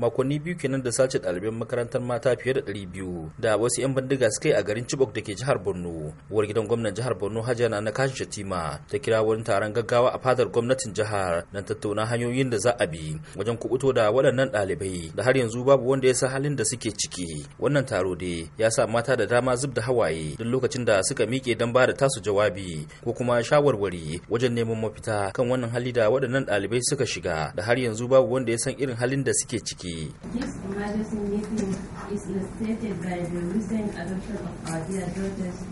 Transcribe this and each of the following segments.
makonni biyu kenan da sace ɗaliban makarantar mata fiye da ɗari biyu da wasu 'yan bindiga suka yi a garin Chibok da ke jihar Borno. Uwar gidan gwamnan jihar Borno Hajiya na Kashi Shatima ta kira wani taron gaggawa a fadar gwamnatin jihar don tattauna hanyoyin da za a bi wajen kubuto da waɗannan ɗalibai da har yanzu babu wanda ya san halin da suke ciki. Wannan taro dai ya sa mata da dama zub da hawaye duk lokacin da suka miƙe don ba da tasu jawabi ko kuma shawarwari wajen neman mafita kan wannan hali da waɗannan ɗalibai suka shiga da har yanzu babu wanda ya san irin halin da suke ciki. This emergency meeting is illustrated by the recent adoption of our dear daughters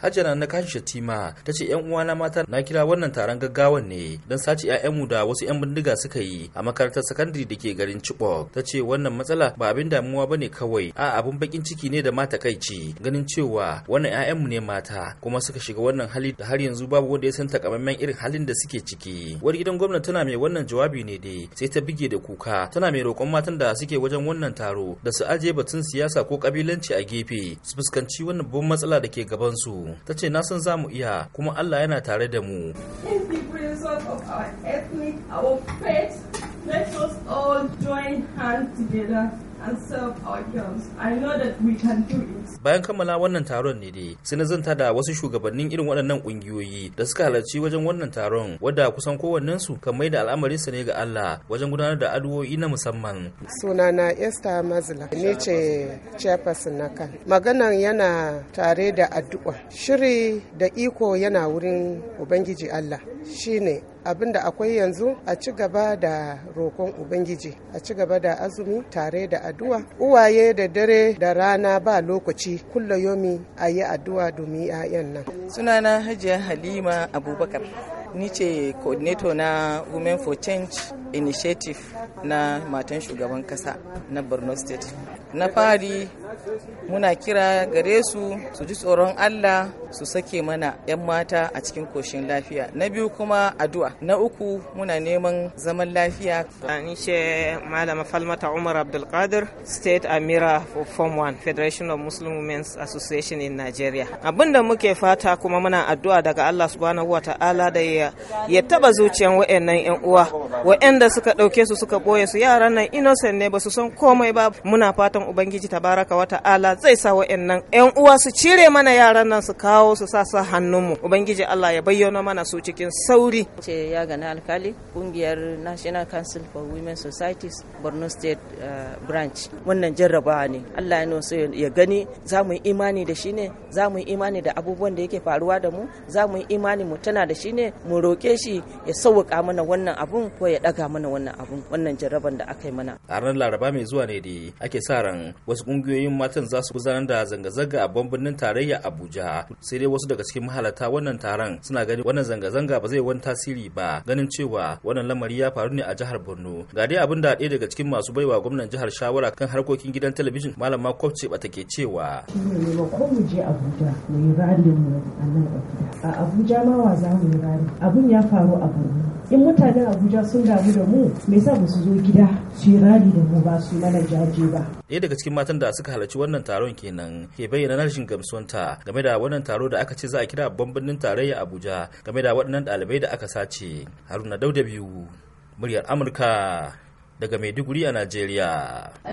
Hajjana na kashi Shatima ta ce ‘yan uwana mata na kira wannan taron gaggawan ne don sace ‘ya'yanmu da wasu ‘yan bindiga suka yi a makarantar sakandare da ke garin Chibok. Ta ce wannan matsala ba abin damuwa ba ne kawai a abin bakin ciki ne da mata kai ce ganin cewa wannan ‘ya'yanmu ne mata kuma suka shiga wannan hali da har yanzu babu wanda ya san takamaiman irin halin da suke ciki. Wani gidan gwamnati tana mai wannan jawabi ne dai sai ta bige da kuka tana mai roƙon matan da suke wajen wannan taro da su ajiye batun siyasa ko kabilanci a gefe su fuskanci wannan babban matsala da ke gaban su ta ce na san za mu iya kuma Allah yana tare da mu Let us all join hands together Bayan kammala wannan taron ne dai, sai na zanta da wasu shugabannin irin waɗannan ƙungiyoyi da suka halarci wajen wannan taron, wadda kusan kowannensu kan mai da al'amarinsa ne ga Allah wajen gudanar da addu'o'i na musamman. Sunana Esther Mazla, ne ce chairperson na kan. Maganan yana tare da addu'a. Shiri da iko yana wurin Ubangiji Allah. Shine abinda akwai yanzu a ci gaba da roƙon ubangiji a ci gaba da azumi tare da addu'a uwaye da dare da rana ba lokaci kulla yomi a yi addu'a domin 'ya'yan nan sunana hajiya halima abubakar ni ce coordinator na women for change initiative na matan shugaban kasa na borno state na fari muna kira gare su su ji tsoron allah su sake mana 'yan mata a cikin koshin lafiya na biyu kuma addu'a na uku muna neman zaman lafiya ni ce malama falmata umar abdulkadir state amira for form 1 federation of muslim women's association in nigeria abinda muke fata kuma muna addu'a daga allah subhanahu wa ta'ala da ya taba zuciyan wa'annan 'yan uwa waɗanda suka ɗauke su suka ɓoye su yaran nan innocent ne ba su san komai ba muna fatan ubangiji ta tabaraka wa ta'ala zai sa waɗannan yan uwa su cire mana yaran nan su kawo su sa sa hannunmu ubangiji Allah ya bayyana mana su cikin sauri ce ya gani alkali kungiyar National Council for Women Societies Borno State eh, branch wannan jarrabawa ne Allah ya so ya gani za mu yi imani da shi ne za mu yi imani da abubuwan da yake faruwa da mu za mu yi imani mu tana da shi ne mu roke shi ya sauwaka mana wannan abun ko kawai ya daga mana wannan abun wannan jarraban da aka yi mana a ranar laraba mai zuwa ne da ake sa ran wasu kungiyoyin matan za su gudanar da zanga-zanga a bambanin tarayya abuja sai dai wasu daga cikin mahalarta wannan taron suna ganin wannan zanga-zanga ba zai wani tasiri ba ganin cewa wannan lamari ya faru ne a jihar borno ga dai abin da ɗaya daga cikin masu baiwa gwamnan jihar shawara kan harkokin gidan talabijin malama kwabce bata ke cewa ma wa za mu yi rari abun ya faru a borno in mutanen abuja sun sun damu da mu me yasa ba su zo gida su yi rali da mu ba su mana jaje ba ɗaya daga cikin matan da suka halarci wannan taron kenan ke bayyana rashin gamsuwanta game da wannan taro da aka ce za a kira babban birnin tarayya Abuja game da waɗannan ɗalibai da aka sace Haruna Dauda biyu muryar Amurka daga Maiduguri a Najeriya